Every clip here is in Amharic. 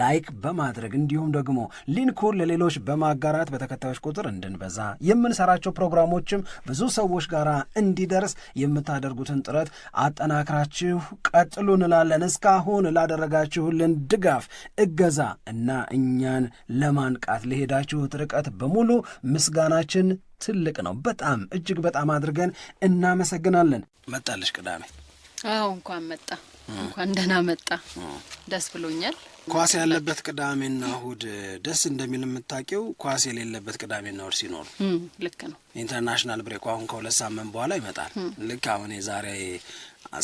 ላይክ በማድረግ እንዲሁም ደግሞ ሊንኩን ለሌሎች በማጋራት በተከታዮች ቁጥር እንድንበዛ የምንሰራቸው ፕሮግራሞችም ብዙ ሰዎች ጋር እንዲደርስ የምታደርጉትን ጥረት አጠናክራችሁ ቀጥሉ እንላለን። እስካሁን ላደረጋችሁልን ድጋፍ፣ እገዛ እና እኛን ለማንቃት ለሄዳችሁት ርቀት በሙሉ ምስጋናችን ትልቅ ነው። በጣም እጅግ በጣም አድርገን እናመሰግናለን። መጣለሽ ቅዳሜ። አዎ እንኳን መጣ፣ እንኳን ደህና መጣ። ደስ ብሎኛል። ኳስ ያለበት ቅዳሜና እሁድ ደስ እንደሚል የምታውቂው ኳስ የሌለበት ቅዳሜና እሁድ ሲኖር ልክ ነው። ኢንተርናሽናል ብሬክ አሁን ከሁለት ሳምንት በኋላ ይመጣል። ልክ አሁን የዛሬ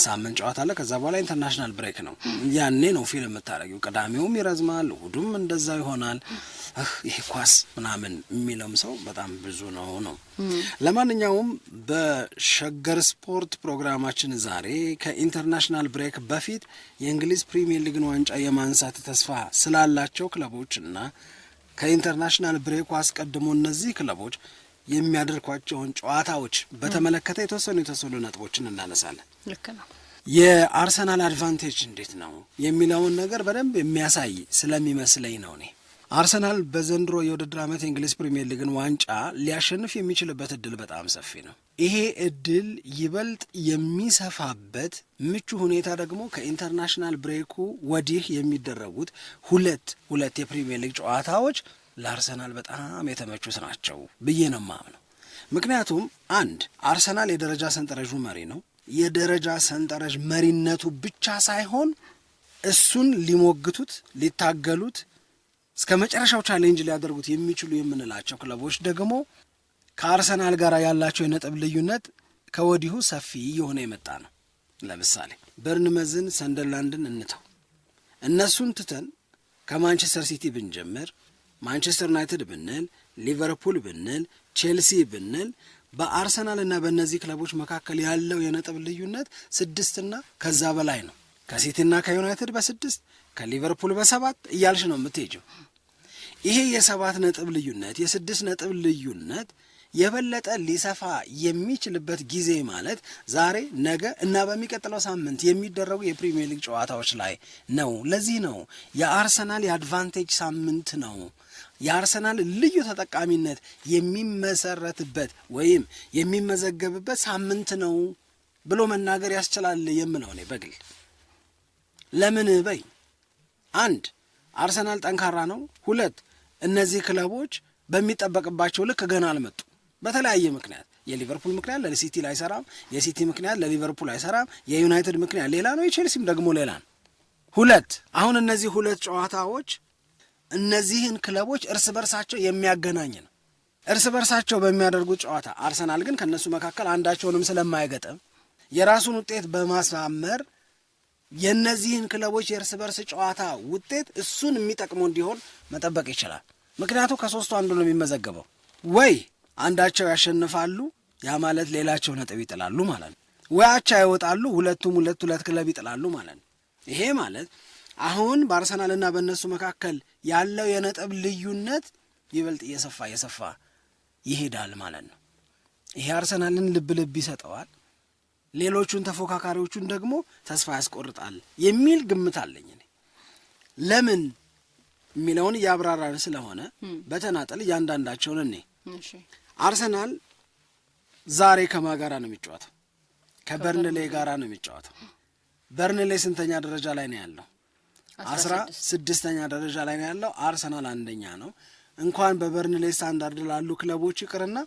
ሳምንት ጨዋታ አለ። ከዛ በኋላ ኢንተርናሽናል ብሬክ ነው። ያኔ ነው ፊልም የምታደረጊው። ቅዳሜውም ይረዝማል፣ እሁዱም እንደዛ ይሆናል። ይህ ኳስ ምናምን የሚለውም ሰው በጣም ብዙ ነው ነው። ለማንኛውም በሸገር ስፖርት ፕሮግራማችን ዛሬ ከኢንተርናሽናል ብሬክ በፊት የእንግሊዝ ፕሪሚየር ሊግን ዋንጫ የማንሳት ተስፋ ስላላቸው ክለቦች እና ከኢንተርናሽናል ብሬኩ አስቀድሞ እነዚህ ክለቦች የሚያደርጓቸውን ጨዋታዎች በተመለከተ የተወሰኑ የተወሰኑ ነጥቦችን እናነሳለን። ልክ ነው። የአርሰናል አድቫንቴጅ እንዴት ነው የሚለውን ነገር በደንብ የሚያሳይ ስለሚመስለኝ ነው እኔ አርሰናል በዘንድሮ የውድድር ዓመት የእንግሊዝ ፕሪምየር ሊግን ዋንጫ ሊያሸንፍ የሚችልበት እድል በጣም ሰፊ ነው። ይሄ እድል ይበልጥ የሚሰፋበት ምቹ ሁኔታ ደግሞ ከኢንተርናሽናል ብሬኩ ወዲህ የሚደረጉት ሁለት ሁለት የፕሪምየር ሊግ ጨዋታዎች ለአርሰናል በጣም የተመቹት ናቸው ብዬ ነው ማምነው። ምክንያቱም አንድ አርሰናል የደረጃ ሰንጠረዡ መሪ ነው። የደረጃ ሰንጠረዥ መሪነቱ ብቻ ሳይሆን እሱን ሊሞግቱት ሊታገሉት እስከ መጨረሻው ቻሌንጅ ሊያደርጉት የሚችሉ የምንላቸው ክለቦች ደግሞ ከአርሰናል ጋር ያላቸው የነጥብ ልዩነት ከወዲሁ ሰፊ እየሆነ የመጣ ነው። ለምሳሌ በርንመዝን፣ ሰንደርላንድን እንተው፣ እነሱን ትተን ከማንቸስተር ሲቲ ብንጀምር ማንቸስተር ዩናይትድ ብንል፣ ሊቨርፑል ብንል፣ ቼልሲ ብንል በአርሰናል እና በእነዚህ ክለቦች መካከል ያለው የነጥብ ልዩነት ስድስትና ከዛ በላይ ነው። ከሲቲና ከዩናይትድ በስድስት ከሊቨርፑል በሰባት እያልሽ ነው የምትሄጂው። ይሄ የሰባት ነጥብ ልዩነት የስድስት ነጥብ ልዩነት የበለጠ ሊሰፋ የሚችልበት ጊዜ ማለት ዛሬ፣ ነገ እና በሚቀጥለው ሳምንት የሚደረጉ የፕሪሚየር ሊግ ጨዋታዎች ላይ ነው። ለዚህ ነው የአርሰናል የአድቫንቴጅ ሳምንት ነው የአርሰናል ልዩ ተጠቃሚነት የሚመሰረትበት ወይም የሚመዘገብበት ሳምንት ነው ብሎ መናገር ያስችላል የምለው እኔ በግል ለምን በይ አንድ አርሰናል ጠንካራ ነው። ሁለት እነዚህ ክለቦች በሚጠበቅባቸው ልክ ገና አልመጡ። በተለያየ ምክንያት የሊቨርፑል ምክንያት ለሲቲ አይሰራም፣ የሲቲ ምክንያት ለሊቨርፑል አይሰራም፣ የዩናይትድ ምክንያት ሌላ ነው፣ የቼልሲም ደግሞ ሌላ ነው። ሁለት አሁን እነዚህ ሁለት ጨዋታዎች እነዚህን ክለቦች እርስ በርሳቸው የሚያገናኝ ነው። እርስ በርሳቸው በሚያደርጉት ጨዋታ አርሰናል ግን ከእነሱ መካከል አንዳቸውንም ስለማይገጥም የራሱን ውጤት በማሳመር የእነዚህን ክለቦች የእርስ በርስ ጨዋታ ውጤት እሱን የሚጠቅሙ እንዲሆን መጠበቅ ይችላል። ምክንያቱ ከሶስቱ አንዱ ነው የሚመዘገበው። ወይ አንዳቸው ያሸንፋሉ፣ ያ ማለት ሌላቸው ነጥብ ይጥላሉ ማለት ነው። ወይ አቻ ይወጣሉ፣ ሁለቱም ሁለት ሁለት ክለብ ይጥላሉ ማለት ነው። ይሄ ማለት አሁን በአርሰናልና በእነሱ መካከል ያለው የነጥብ ልዩነት ይበልጥ እየሰፋ እየሰፋ ይሄዳል ማለት ነው። ይሄ አርሰናልን ልብ ልብ ይሰጠዋል፣ ሌሎቹን ተፎካካሪዎቹን ደግሞ ተስፋ ያስቆርጣል የሚል ግምት አለኝ እኔ ለምን የሚለውን እያብራራን ስለሆነ በተናጠል እያንዳንዳቸውን እኔ አርሰናል ዛሬ ከማ ጋራ ነው የሚጫወተው? ከበርንሌ ጋራ ነው የሚጫወተው። በርንሌ ስንተኛ ደረጃ ላይ ነው ያለው? አስራ ስድስተኛ ደረጃ ላይ ነው ያለው። አርሰናል አንደኛ ነው። እንኳን በበርንሌ ስታንዳርድ ላሉ ክለቦች ይቅርና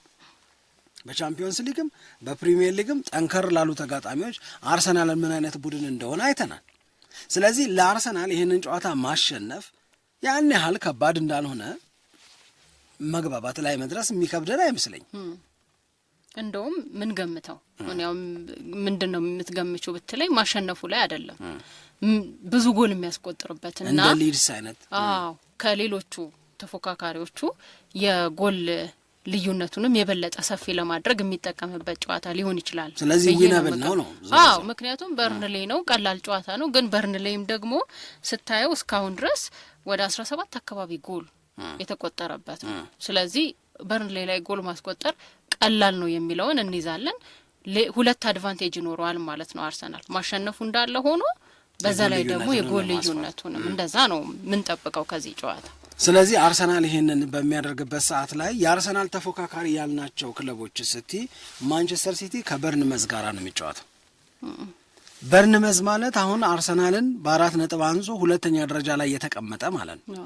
በቻምፒዮንስ ሊግም በፕሪሚየር ሊግም ጠንከር ላሉ ተጋጣሚዎች አርሰናል ምን አይነት ቡድን እንደሆነ አይተናል። ስለዚህ ለአርሰናል ይህንን ጨዋታ ማሸነፍ ያን ያህል ከባድ እንዳልሆነ መግባባት ላይ መድረስ የሚከብደን አይመስለኝም። እንደውም ምን ገምተው ምንድን ነው የምትገምችው ብትለኝ ማሸነፉ ላይ አይደለም ብዙ ጎል የሚያስቆጥርበት እና እንደ ሊድስ አይነት አዎ ከሌሎቹ ተፎካካሪዎቹ የጎል ልዩነቱንም የበለጠ ሰፊ ለማድረግ የሚጠቀምበት ጨዋታ ሊሆን ይችላል። ስለዚህ ዊነብል ነው ነው። አዎ ምክንያቱም በርንሌይ ነው፣ ቀላል ጨዋታ ነው። ግን በርንሌይም ደግሞ ስታየው እስካሁን ድረስ ወደ አስራ ሰባት አካባቢ ጎል የተቆጠረበት ነው። ስለዚህ በርንሌ ላይ ጎል ማስቆጠር ቀላል ነው የሚለውን እንይዛለን። ሁለት አድቫንቴጅ ይኖረዋል ማለት ነው። አርሰናል ማሸነፉ እንዳለ ሆኖ በዛ ላይ ደግሞ የጎል ልዩነቱንም እንደዛ ነው የምንጠብቀው ከዚህ ጨዋታ። ስለዚህ አርሰናል ይሄንን በሚያደርግበት ሰዓት ላይ የአርሰናል ተፎካካሪ ያልናቸው ክለቦች ስቲ ማንቸስተር ሲቲ ከበርን መዝ ጋር ነው የሚጫወተው። በርንመዝ ማለት አሁን አርሰናልን በአራት ነጥብ አንሶ ሁለተኛ ደረጃ ላይ የተቀመጠ ማለት ነው።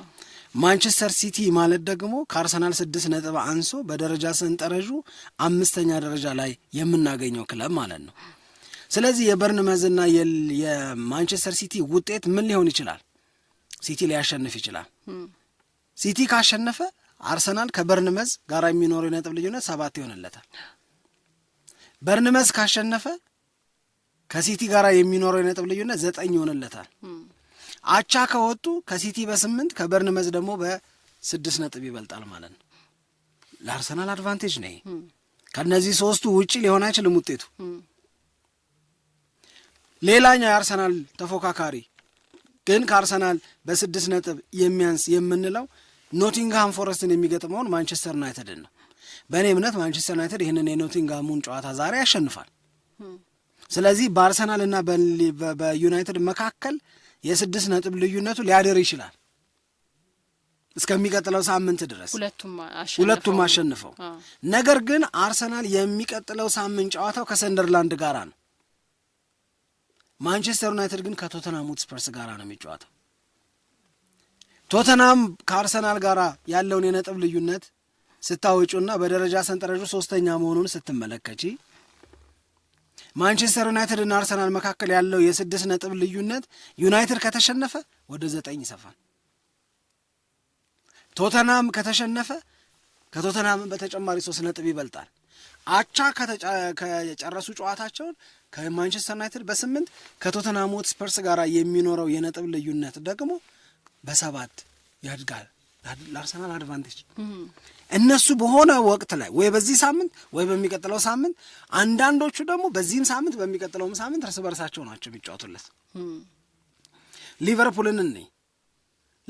ማንቸስተር ሲቲ ማለት ደግሞ ከአርሰናል ስድስት ነጥብ አንሶ በደረጃ ስንጠረዡ አምስተኛ ደረጃ ላይ የምናገኘው ክለብ ማለት ነው። ስለዚህ የበርንመዝና የማንቸስተር ሲቲ ውጤት ምን ሊሆን ይችላል? ሲቲ ሊያሸንፍ ይችላል። ሲቲ ካሸነፈ አርሰናል ከበርንመዝ ጋር የሚኖረው የነጥብ ልዩነት ሰባት ይሆንለታል። በርንመዝ ካሸነፈ ከሲቲ ጋር የሚኖረው የነጥብ ልዩነት ዘጠኝ ይሆንለታል። አቻ ከወጡ ከሲቲ በስምንት ከበርንመዝ ደግሞ በስድስት ነጥብ ይበልጣል ማለት ነው። ለአርሰናል አድቫንቴጅ ነ ከእነዚህ ሶስቱ ውጪ ሊሆን አይችልም ውጤቱ ሌላኛው የአርሰናል ተፎካካሪ ግን ከአርሰናል በስድስት ነጥብ የሚያንስ የምንለው ኖቲንግሃም ፎረስትን የሚገጥመውን ማንቸስተር ዩናይትድን ነው። በእኔ እምነት ማንቸስተር ዩናይትድ ይህንን የኖቲንግሃሙን ጨዋታ ዛሬ ያሸንፋል። ስለዚህ በአርሰናል እና በዩናይትድ መካከል የስድስት ነጥብ ልዩነቱ ሊያደር ይችላል እስከሚቀጥለው ሳምንት ድረስ ሁለቱም አሸንፈው። ነገር ግን አርሰናል የሚቀጥለው ሳምንት ጨዋታው ከሰንደርላንድ ጋር ነው። ማንቸስተር ዩናይትድ ግን ከቶተናም ሆትስፐርስ ጋር ነው የሚጫወተው። ቶተናም ከአርሰናል ጋር ያለውን የነጥብ ልዩነት ስታወጩና በደረጃ ሰንጠረዡ ሶስተኛ መሆኑን ስትመለከቺ ማንቸስተር ዩናይትድ እና አርሰናል መካከል ያለው የስድስት ነጥብ ልዩነት ዩናይትድ ከተሸነፈ ወደ ዘጠኝ ይሰፋል። ቶተናም ከተሸነፈ ከቶተናምን በተጨማሪ ሶስት ነጥብ ይበልጣል። አቻ ከጨረሱ ጨዋታቸውን ከማንቸስተር ዩናይትድ በስምንት ከቶተናም ሆትስፐርስ ጋር የሚኖረው የነጥብ ልዩነት ደግሞ በሰባት ያድጋል። ለአርሰናል አድቫንቴጅ እነሱ በሆነ ወቅት ላይ ወይ በዚህ ሳምንት ወይ በሚቀጥለው ሳምንት፣ አንዳንዶቹ ደግሞ በዚህም ሳምንት በሚቀጥለውም ሳምንት እርስ በርሳቸው ናቸው የሚጫወቱለት። ሊቨርፑልን እኔ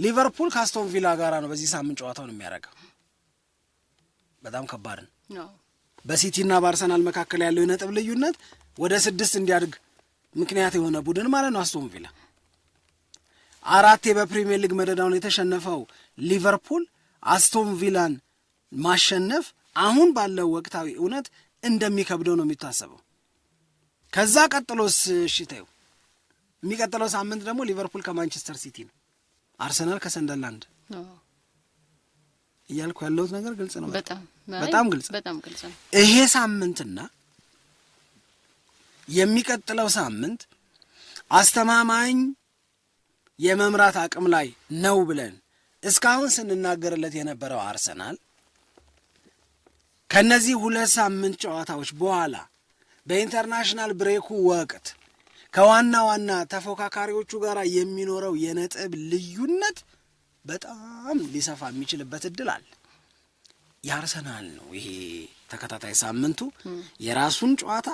ሊቨርፑል ካስቶን ቪላ ጋራ ነው በዚህ ሳምንት ጨዋታውን የሚያደርገው። በጣም ከባድን በሲቲና በአርሰናል መካከል ያለው የነጥብ ልዩነት ወደ ስድስት እንዲያድግ ምክንያት የሆነ ቡድን ማለት ነው አስቶን ቪላ። አራቴ በፕሪሚየር ሊግ መደዳውን የተሸነፈው ሊቨርፑል አስቶን ቪላን ማሸነፍ አሁን ባለው ወቅታዊ እውነት እንደሚከብደው ነው የሚታሰበው። ከዛ ቀጥሎስ ሽተው የሚቀጥለው ሳምንት ደግሞ ሊቨርፑል ከማንቸስተር ሲቲ ነው፣ አርሰናል ከሰንደርላንድ እያልኩ ያለሁት ነገር ግልጽ ነው። በጣም ግልጽ ነው። ይሄ ሳምንትና የሚቀጥለው ሳምንት አስተማማኝ የመምራት አቅም ላይ ነው ብለን እስካሁን ስንናገርለት የነበረው አርሰናል ከእነዚህ ሁለት ሳምንት ጨዋታዎች በኋላ በኢንተርናሽናል ብሬኩ ወቅት ከዋና ዋና ተፎካካሪዎቹ ጋር የሚኖረው የነጥብ ልዩነት በጣም ሊሰፋ የሚችልበት እድል አለ። የአርሰናል ነው ይሄ ተከታታይ ሳምንቱ የራሱን ጨዋታ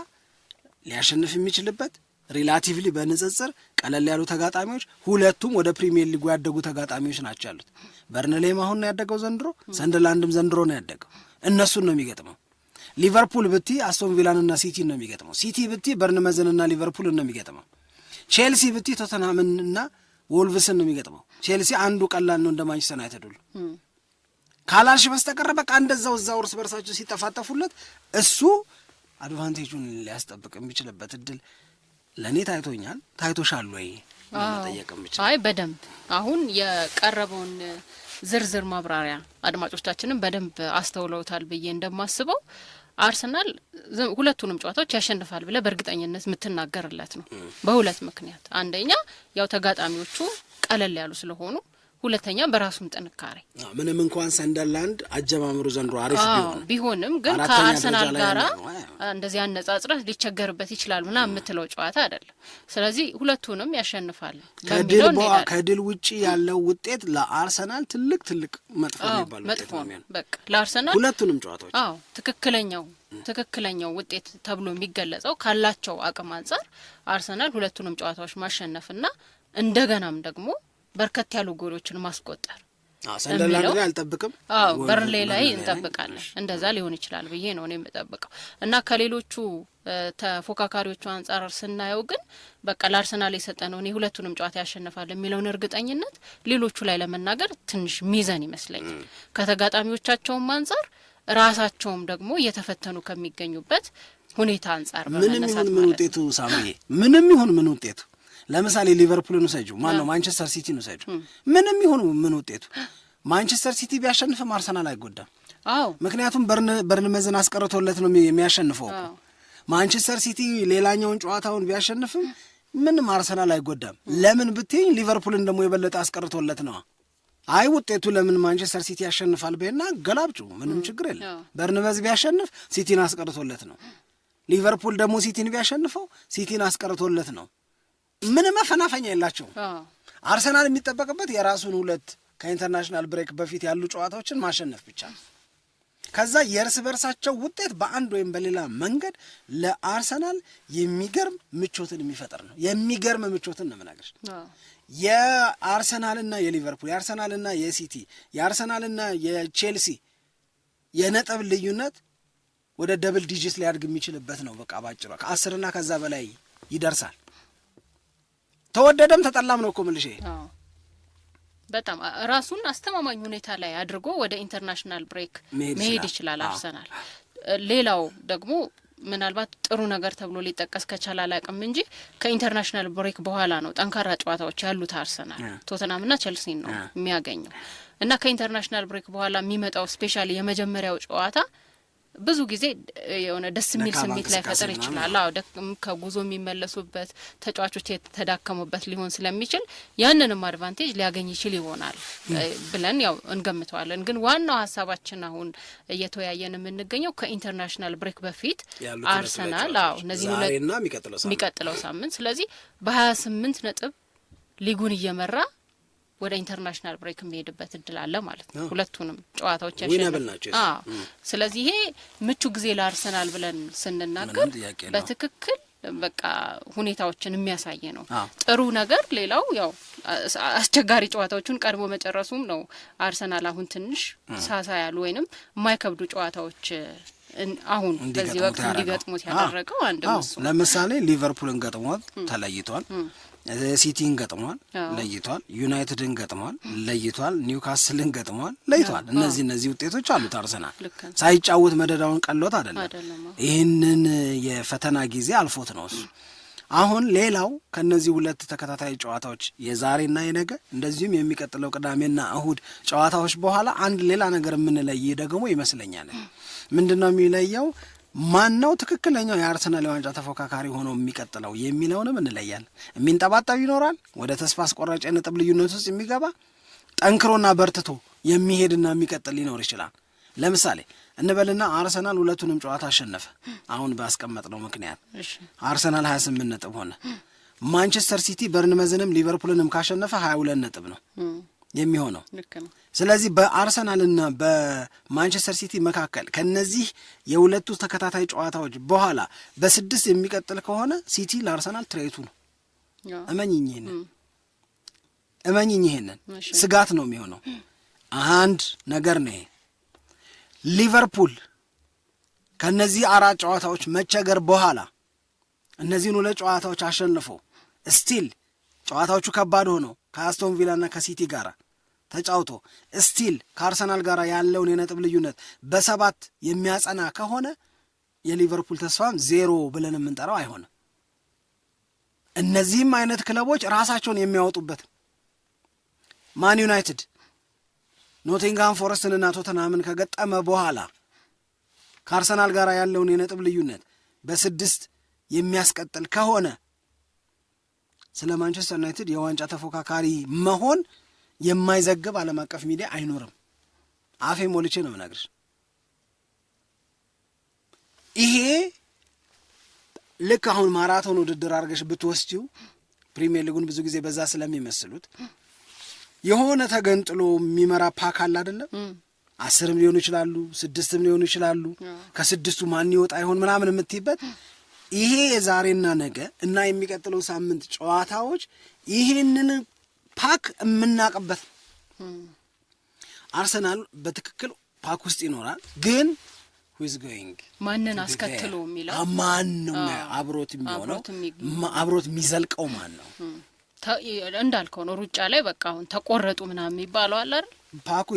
ሊያሸንፍ የሚችልበት ሪላቲቭሊ በንጽጽር ቀለል ያሉ ተጋጣሚዎች ሁለቱም ወደ ፕሪሚየር ሊጉ ያደጉ ተጋጣሚዎች ናቸው ያሉት። በርንሌም አሁን ነው ያደገው ዘንድሮ፣ ሰንደርላንድም ዘንድሮ ነው ያደገው። እነሱን ነው የሚገጥመው። ሊቨርፑል ብቲ አስቶን ቪላንና ሲቲን ነው የሚገጥመው። ሲቲ ብቲ በርንመዝንና ሊቨርፑልን ነው የሚገጥመው። ቼልሲ ብቲ ቶተንሃምንና ወልቭስን ነው የሚገጥመው። ቼልሲ አንዱ ቀላል ነው እንደ ማንቸስተር ዩናይትድ ሁሉ ካላልሽ በስተቀረ በቃ እንደዛው እዛው እርስ በርሳቸው ሲጠፋጠፉለት እሱ አድቫንቴጁን ሊያስጠብቅ የሚችልበት እድል ለእኔ ታይቶኛል። ታይቶሻል ወይ መጠየቅ የምችል አይ በደንብ አሁን የቀረበውን ዝርዝር ማብራሪያ አድማጮቻችንም በደንብ አስተውለውታል ብዬ እንደማስበው አርሰናል ሁለቱንም ጨዋታዎች ያሸንፋል ብለ በእርግጠኝነት የምትናገርለት ነው። በሁለት ምክንያት አንደኛ ያው ተጋጣሚዎቹ ቀለል ያሉ ስለሆኑ ሁለተኛ በራሱም ጥንካሬ ምንም እንኳን ሰንደርላንድ አጀማምሩ ዘንድሮ አሪፍ ቢሆንም ግን ከአርሰናል ጋራ እንደዚህ አነጻጽረት ሊቸገርበት ይችላል ምና የምትለው ጨዋታ አይደለም። ስለዚህ ሁለቱንም ያሸንፋል። ከድል ውጭ ያለው ውጤት ለአርሰናል ትልቅ ትልቅ መጥፎ የሚባል መጥፎ በቃ ለአርሰናል ሁለቱንም ጨዋታዎች አዎ ትክክለኛው ትክክለኛው ውጤት ተብሎ የሚገለጸው ካላቸው አቅም አንጻር አርሰናል ሁለቱንም ጨዋታዎች ማሸነፍና እንደገናም ደግሞ በርከት ያሉ ጎሎችን ማስቆጠር ሰንደርላንድ ላይ አልጠብቅም። አዎ በርሌ ላይ እንጠብቃለን። እንደዛ ሊሆን ይችላል ብዬ ነው እኔ የምጠብቀው እና ከሌሎቹ ተፎካካሪዎቹ አንጻር ስናየው ግን በቃ ለአርሰናል የሰጠነውን የሁለቱንም ጨዋታ ያሸንፋል የሚለውን እርግጠኝነት ሌሎቹ ላይ ለመናገር ትንሽ ሚዘን ይመስለኛል። ከተጋጣሚዎቻቸውም አንጻር ራሳቸውም ደግሞ እየተፈተኑ ከሚገኙበት ሁኔታ አንጻር ምንም ይሁን ምን ውጤቱ ሳሙዬ ምንም ይሁን ምን ውጤቱ ለምሳሌ ሊቨርፑልን ውሰጁ፣ ነው ማንቸስተር ሲቲን ውሰጁ። ምንም ይሁኑ ምን ውጤቱ ማንቸስተር ሲቲ ቢያሸንፍም አርሰናል አይጎዳም። ምክንያቱም በርንመዝን አስቀርቶለት ነው የሚያሸንፈው። ማንቸስተር ሲቲ ሌላኛውን ጨዋታውን ቢያሸንፍም ምንም አርሰናል አይጎዳም። ለምን ብትኝ ሊቨርፑልን ደግሞ የበለጠ አስቀርቶለት ነዋ። አይ ውጤቱ ለምን ማንቸስተር ሲቲ ያሸንፋል ብሄና ገላብጩ፣ ምንም ችግር የለም። በርንመዝ ቢያሸንፍ ሲቲን አስቀርቶለት ነው። ሊቨርፑል ደግሞ ሲቲን ቢያሸንፈው ሲቲን አስቀርቶለት ነው። ምንም መፈናፈኛ የላቸው። አርሰናል የሚጠበቅበት የራሱን ሁለት ከኢንተርናሽናል ብሬክ በፊት ያሉ ጨዋታዎችን ማሸነፍ ብቻ ነው። ከዛ የእርስ በርሳቸው ውጤት በአንድ ወይም በሌላ መንገድ ለአርሰናል የሚገርም ምቾትን የሚፈጥር ነው። የሚገርም ምቾትን ነው የምነግርሽ። የአርሰናልና የሊቨርፑል የአርሰናልና የሲቲ የአርሰናልና የቼልሲ የነጥብ ልዩነት ወደ ደብል ዲጂት ሊያድግ የሚችልበት ነው። በቃ ባጭሯ ከአስርና ከዛ በላይ ይደርሳል። ተወደደም ተጠላም ነው እኮ ምልሽ በጣም ራሱን አስተማማኝ ሁኔታ ላይ አድርጎ ወደ ኢንተርናሽናል ብሬክ መሄድ ይችላል አርሰናል። ሌላው ደግሞ ምናልባት ጥሩ ነገር ተብሎ ሊጠቀስ ከቻለ አላቅም እንጂ ከኢንተርናሽናል ብሬክ በኋላ ነው ጠንካራ ጨዋታዎች ያሉት አርሰናል ቶተናምና ቸልሲን ነው የሚያገኘው እና ከኢንተርናሽናል ብሬክ በኋላ የሚመጣው ስፔሻል የመጀመሪያው ጨዋታ ብዙ ጊዜ የሆነ ደስ የሚል ስሜት ላይ ይችላል። አዎ ከጉዞ የሚመለሱበት ተጫዋቾች የተዳከሙበት ሊሆን ስለሚችል ያንንም አድቫንቴጅ ሊያገኝ ይችል ይሆናል ብለን ያው እንገምተዋለን። ግን ዋናው ሀሳባችን አሁን እየተወያየን የምንገኘው ከኢንተርናሽናል ብሬክ በፊት አርሰናል አዎ እነዚህ የሚቀጥለው ሳምንት ስለዚህ በሀያ ስምንት ነጥብ ሊጉን እየመራ ወደ ኢንተርናሽናል ብሬክ የሚሄድበት እድል አለ ማለት ነው። ሁለቱንም ጨዋታዎች ናቸው። ስለዚህ ይሄ ምቹ ጊዜ ለአርሰናል ብለን ስንናገር በትክክል በቃ ሁኔታዎችን የሚያሳይ ነው። ጥሩ ነገር ሌላው ያው አስቸጋሪ ጨዋታዎቹን ቀድሞ መጨረሱም ነው። አርሰናል አሁን ትንሽ ሳሳ ያሉ ወይንም የማይከብዱ ጨዋታዎች አሁን በዚህ ወቅት እንዲገጥሙት ያደረገው አንድ ለምሳሌ ሊቨርፑልን ገጥሞት ተለይቷል። ሲቲን ገጥሟል፣ ለይቷል። ዩናይትድን ገጥሟል፣ ለይቷል። ኒውካስልን ገጥሟል፣ ለይቷል። እነዚህ እነዚህ ውጤቶች አሉት። አርሰናል ሳይጫወት መደዳውን ቀሎት አይደለም። ይህንን የፈተና ጊዜ አልፎት ነው እሱ። አሁን ሌላው ከእነዚህ ሁለት ተከታታይ ጨዋታዎች የዛሬና የነገ እንደዚሁም የሚቀጥለው ቅዳሜና እሁድ ጨዋታዎች በኋላ አንድ ሌላ ነገር የምንለይ ደግሞ ይመስለኛል። ምንድን ነው የሚለየው? ማነው ትክክለኛው የአርሰናል የዋንጫ ተፎካካሪ ሆኖ የሚቀጥለው የሚለውንም እንለያለን። የሚንጠባጠብ ይኖራል፣ ወደ ተስፋ አስቆራጭ ነጥብ ልዩነት ውስጥ የሚገባ ጠንክሮና በርትቶ የሚሄድና የሚቀጥል ሊኖር ይችላል። ለምሳሌ እንበልና አርሰናል ሁለቱንም ጨዋታ አሸነፈ። አሁን ባስቀመጥነው ምክንያት አርሰናል 28 ነጥብ ሆነ። ማንቸስተር ሲቲ በርንመዝንም ሊቨርፑልንም ካሸነፈ 22 ነጥብ ነው። የሚሆነው። ስለዚህ በአርሰናልና በማንቸስተር ሲቲ መካከል ከነዚህ የሁለቱ ተከታታይ ጨዋታዎች በኋላ በስድስት የሚቀጥል ከሆነ ሲቲ ለአርሰናል ትሬቱ ነው። እመኝኝ ይሄንን እመኝኝ ይሄንን ስጋት ነው የሚሆነው። አንድ ነገር ነው ይሄ። ሊቨርፑል ከነዚህ አራት ጨዋታዎች መቸገር በኋላ እነዚህን ሁለት ጨዋታዎች አሸንፎ ስቲል ጨዋታዎቹ ከባድ ሆነው ከአስቶን ቪላና ከሲቲ ጋር ተጫውቶ ስቲል ከአርሰናል ጋር ያለውን የነጥብ ልዩነት በሰባት የሚያጸና ከሆነ የሊቨርፑል ተስፋም ዜሮ ብለን የምንጠራው አይሆንም። እነዚህም አይነት ክለቦች ራሳቸውን የሚያወጡበት ማን ዩናይትድ ኖቲንግሃም ፎረስትንና ቶተናምን ከገጠመ በኋላ ከአርሰናል ጋር ያለውን የነጥብ ልዩነት በስድስት የሚያስቀጥል ከሆነ ስለ ማንቸስተር ዩናይትድ የዋንጫ ተፎካካሪ መሆን የማይዘግብ ዓለም አቀፍ ሚዲያ አይኖርም። አፌ ሞልቼ ነው የምናገርሽ። ይሄ ልክ አሁን ማራቶን ውድድር አድርገሽ ብትወስጂው ፕሪሚየር ሊጉን ብዙ ጊዜ በዛ ስለሚመስሉት የሆነ ተገንጥሎ የሚመራ ፓክ አለ አይደለም። አስርም ሊሆኑ ይችላሉ፣ ስድስትም ሊሆኑ ይችላሉ። ከስድስቱ ማን ይወጣ ይሆን ምናምን የምትይበት ይሄ የዛሬና ነገ እና የሚቀጥለው ሳምንት ጨዋታዎች ይህንን ፓክ የምናውቅበት አርሰናል በትክክል ፓክ ውስጥ ይኖራል ግን ሁዝ ጎይንግ ማንን አስከትሎ የሚለው ማን ነው አብሮት የሚሆነው አብሮት የሚዘልቀው ማን ነው እንዳልከው ነው ሩጫ ላይ በቃ አሁን ተቆረጡ ምናምን የሚባለው አለ አይደል ፓኩ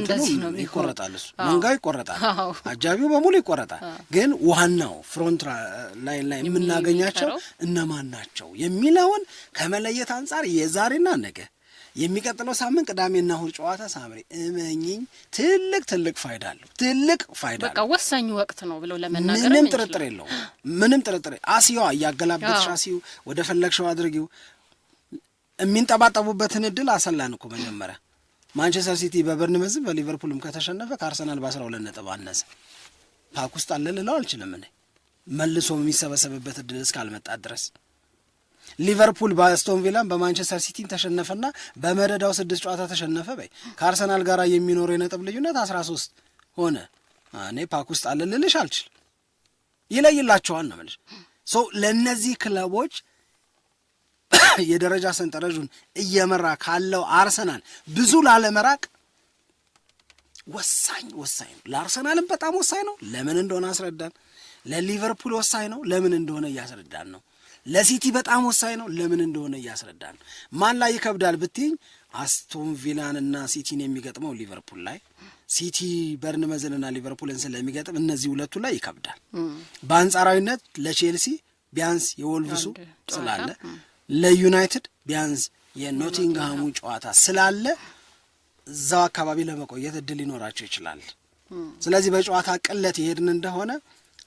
እንደዚህ ይቆረጣል። እሱ መንጋ ይቆረጣል፣ አጃቢው በሙሉ ይቆረጣል። ግን ዋናው ፍሮንት ላይን ላይ የምናገኛቸው እነማን ናቸው የሚለውን ከመለየት አንጻር የዛሬና ነገ የሚቀጥለው ሳምንት ቅዳሜና እሁድ ጨዋታ ሳምሪ እመኝኝ ትልቅ ትልቅ ፋይዳ አለው። ትልቅ ፋይዳ በቃ ወሳኝ ወቅት ነው ብለው ለመናገር ምንም ጥርጥር የለው። ምንም ጥርጥር አሲዋ እያገላበትሽ አስዩ፣ ወደ ፈለግሸው አድርጊው። የሚንጠባጠቡበትን እድል አሰላን እኮ መጀመሪያ ማንቸስተር ሲቲ በበርንመዝ በሊቨርፑልም ከተሸነፈ ከአርሰናል በአስራ ሁለት ነጥብ አነሰ። ፓክ ውስጥ አለ ልለው አልችልም እኔ መልሶ የሚሰበሰብበት እድል እስካልመጣ ድረስ። ሊቨርፑል በአስቶን ቪላን በማንቸስተር ሲቲን ተሸነፈና በመደዳው ስድስት ጨዋታ ተሸነፈ በይ ከአርሰናል ጋር የሚኖረው የነጥብ ልዩነት አስራ ሶስት ሆነ። እኔ ፓክ ውስጥ አለ ልልሽ አልችልም። ይለይላቸዋል ነው የምልሽ ለእነዚህ ክለቦች የደረጃ ሰንጠረዡን እየመራ ካለው አርሰናል ብዙ ላለመራቅ ወሳኝ ወሳኝ ነው። ለአርሰናልም በጣም ወሳኝ ነው። ለምን እንደሆነ አስረዳን። ለሊቨርፑል ወሳኝ ነው። ለምን እንደሆነ እያስረዳን ነው። ለሲቲ በጣም ወሳኝ ነው። ለምን እንደሆነ እያስረዳን ነው። ማን ላይ ይከብዳል ብትኝ አስቶን ቪላን እና ሲቲን የሚገጥመው ሊቨርፑል ላይ ሲቲ በርንመዝንና ሊቨርፑልን ስለሚገጥም እነዚህ ሁለቱ ላይ ይከብዳል። በአንጻራዊነት ለቼልሲ ቢያንስ የወልቭሱ ስላለ ለዩናይትድ ቢያንስ የኖቲንግሃሙ ጨዋታ ስላለ እዛው አካባቢ ለመቆየት እድል ሊኖራቸው ይችላል። ስለዚህ በጨዋታ ቅለት ይሄድን እንደሆነ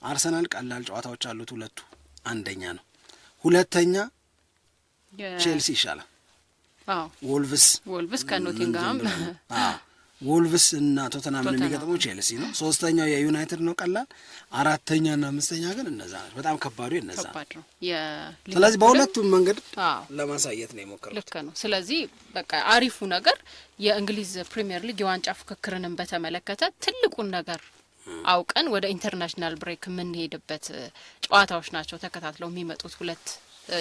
አርሰናል ቀላል ጨዋታዎች አሉት። ሁለቱ አንደኛ ነው፣ ሁለተኛ ቼልሲ ይሻላል። ወልቭስ ወልቭስ ከኖቲንግሃም ወልቭስ እና ቶተናም የሚገጥመው ቼልሲ ነው። ሶስተኛው የዩናይትድ ነው ቀላል። አራተኛና አምስተኛ ግን እነዛ ናቸው። በጣም ከባዱ እነዛ ነው። ስለዚህ በሁለቱም መንገድ ለማሳየት ነው የሞከረው። ልክ ነው። ስለዚህ በቃ አሪፉ ነገር የእንግሊዝ ፕሪምየር ሊግ የዋንጫ ፉክክርንም በተመለከተ ትልቁን ነገር አውቀን ወደ ኢንተርናሽናል ብሬክ የምንሄድበት ጨዋታዎች ናቸው ተከታትለው የሚመጡት ሁለት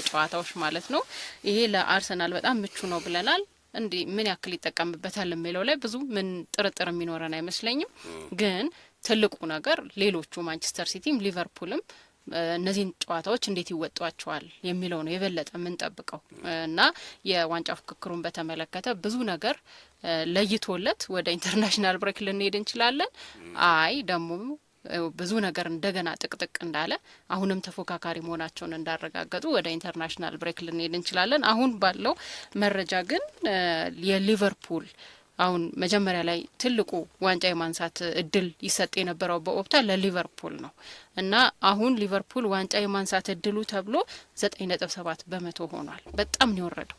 ጨዋታዎች ማለት ነው። ይሄ ለአርሰናል በጣም ምቹ ነው ብለናል። እንዲህ ምን ያክል ይጠቀምበታል የሚለው ላይ ብዙ ምን ጥርጥር የሚኖረን አይመስለኝም። ግን ትልቁ ነገር ሌሎቹ ማንቸስተር ሲቲም ሊቨርፑልም እነዚህን ጨዋታዎች እንዴት ይወጧቸዋል የሚለው ነው የበለጠ የምንጠብቀው እና የዋንጫ ፉክክሩን በተመለከተ ብዙ ነገር ለይቶለት ወደ ኢንተርናሽናል ብሬክ ልንሄድ እንችላለን። አይ ደግሞ ብዙ ነገር እንደገና ጥቅጥቅ እንዳለ አሁንም ተፎካካሪ መሆናቸውን እንዳረጋገጡ ወደ ኢንተርናሽናል ብሬክ ልንሄድ እንችላለን። አሁን ባለው መረጃ ግን የሊቨርፑል አሁን መጀመሪያ ላይ ትልቁ ዋንጫ የማንሳት እድል ይሰጥ የነበረው በኦፕታ ለሊቨርፑል ነው እና አሁን ሊቨርፑል ዋንጫ የማንሳት እድሉ ተብሎ ዘጠኝ ነጥብ ሰባት በመቶ ሆኗል። በጣም ነው የወረደው፣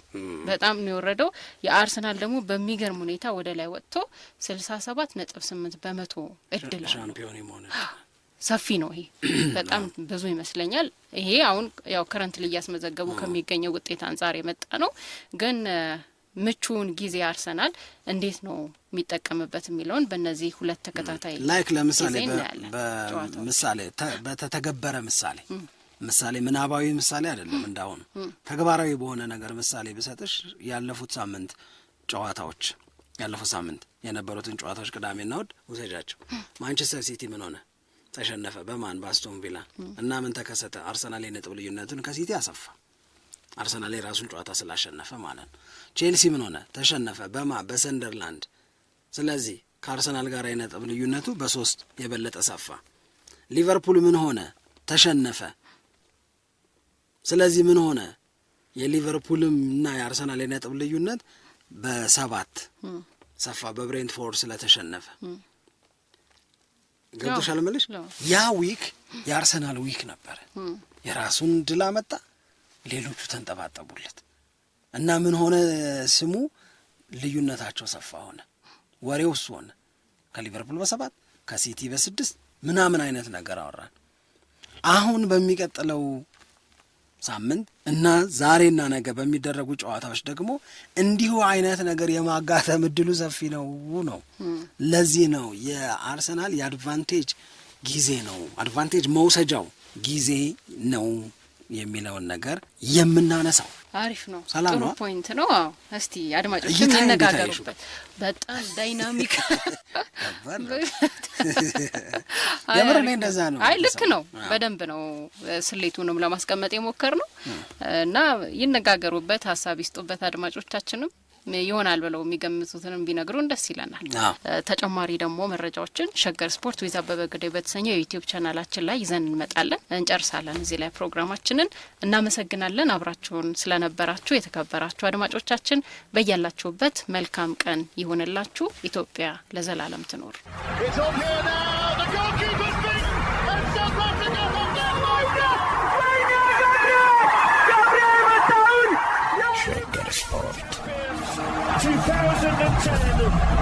በጣም ነው የወረደው። የአርሰናል ደግሞ በሚገርም ሁኔታ ወደ ላይ ወጥቶ ስልሳ ሰባት ነጥብ ስምንት በመቶ እድል ሰፊ ነው። ይሄ በጣም ብዙ ይመስለኛል። ይሄ አሁን ያው ከረንት ላይ እያስመዘገቡ ከሚገኘው ውጤት አንጻር የመጣ ነው ግን ምቹውን ጊዜ አርሰናል እንዴት ነው የሚጠቀምበት የሚለውን በእነዚህ ሁለት ተከታታይ ላይክ ለምሳሌ ምሳሌ በተተገበረ ምሳሌ ምሳሌ ምናባዊ ምሳሌ አይደለም፣ እንዳሁኑ ተግባራዊ በሆነ ነገር ምሳሌ ብሰጥሽ ያለፉት ሳምንት ጨዋታዎች ያለፉት ሳምንት የነበሩትን ጨዋታዎች ቅዳሜና እሑድ ውሰጃቸው። ማንቸስተር ሲቲ ምን ሆነ? ተሸነፈ። በማን በአስቶን ቪላ እና ምን ተከሰተ? አርሰናል የነጥብ ልዩነቱን ከሲቲ አሰፋ። አርሰናል የራሱን ጨዋታ ስላሸነፈ ማለት ነው። ቼልሲ ምን ሆነ? ተሸነፈ። በማ በሰንደርላንድ። ስለዚህ ከአርሰናል ጋር የነጥብ ልዩነቱ በሶስት የበለጠ ሰፋ። ሊቨርፑል ምን ሆነ? ተሸነፈ። ስለዚህ ምን ሆነ? የሊቨርፑልም እና የአርሰናል የነጥብ ልዩነት በሰባት ሰፋ፣ በብሬንትፎርድ ስለተሸነፈ ገብቶሻል። ምልሽ ያ ዊክ የአርሰናል ዊክ ነበረ። የራሱን ድል አመጣ ሌሎቹ ተንጠባጠቡለት እና ምን ሆነ ስሙ ልዩነታቸው ሰፋ ሆነ። ወሬው እሱ ሆነ። ከሊቨርፑል በሰባት ከሲቲ በስድስት ምናምን አይነት ነገር አወራን። አሁን በሚቀጥለው ሳምንት እና ዛሬና ነገ በሚደረጉ ጨዋታዎች ደግሞ እንዲሁ አይነት ነገር የማጋተም እድሉ ሰፊ ነው ነው ለዚህ ነው የአርሰናል የአድቫንቴጅ ጊዜ ነው። አድቫንቴጅ መውሰጃው ጊዜ ነው። የሚለውን ነገር የምናነሳው አሪፍ ነው። ነው። ፖይንት ነው። አዎ እስቲ አድማጮች የሚነጋገሩበት በጣም ዳይናሚክ የምር እኔ እንደዛ ነው። አይ ልክ ነው። በደንብ ነው ስሌቱንም ለማስቀመጥ የሞከር ነው እና ይነጋገሩበት፣ ሀሳብ ይስጡበት አድማጮቻችንም ይሆናል ብለው የሚገምቱትንም ቢነግሩን ደስ ይለናል። ተጨማሪ ደግሞ መረጃዎችን ሸገር ስፖርት ዊዝ አበበ ግደይ በተሰኘው የዩቲዩብ ቻናላችን ላይ ይዘን እንመጣለን። እንጨርሳለን እዚህ ላይ ፕሮግራማችንን። እናመሰግናለን አብራችሁን ስለነበራችሁ የተከበራችሁ አድማጮቻችን። በያላችሁበት መልካም ቀን ይሁንላችሁ። ኢትዮጵያ ለዘላለም ትኖር። 2010.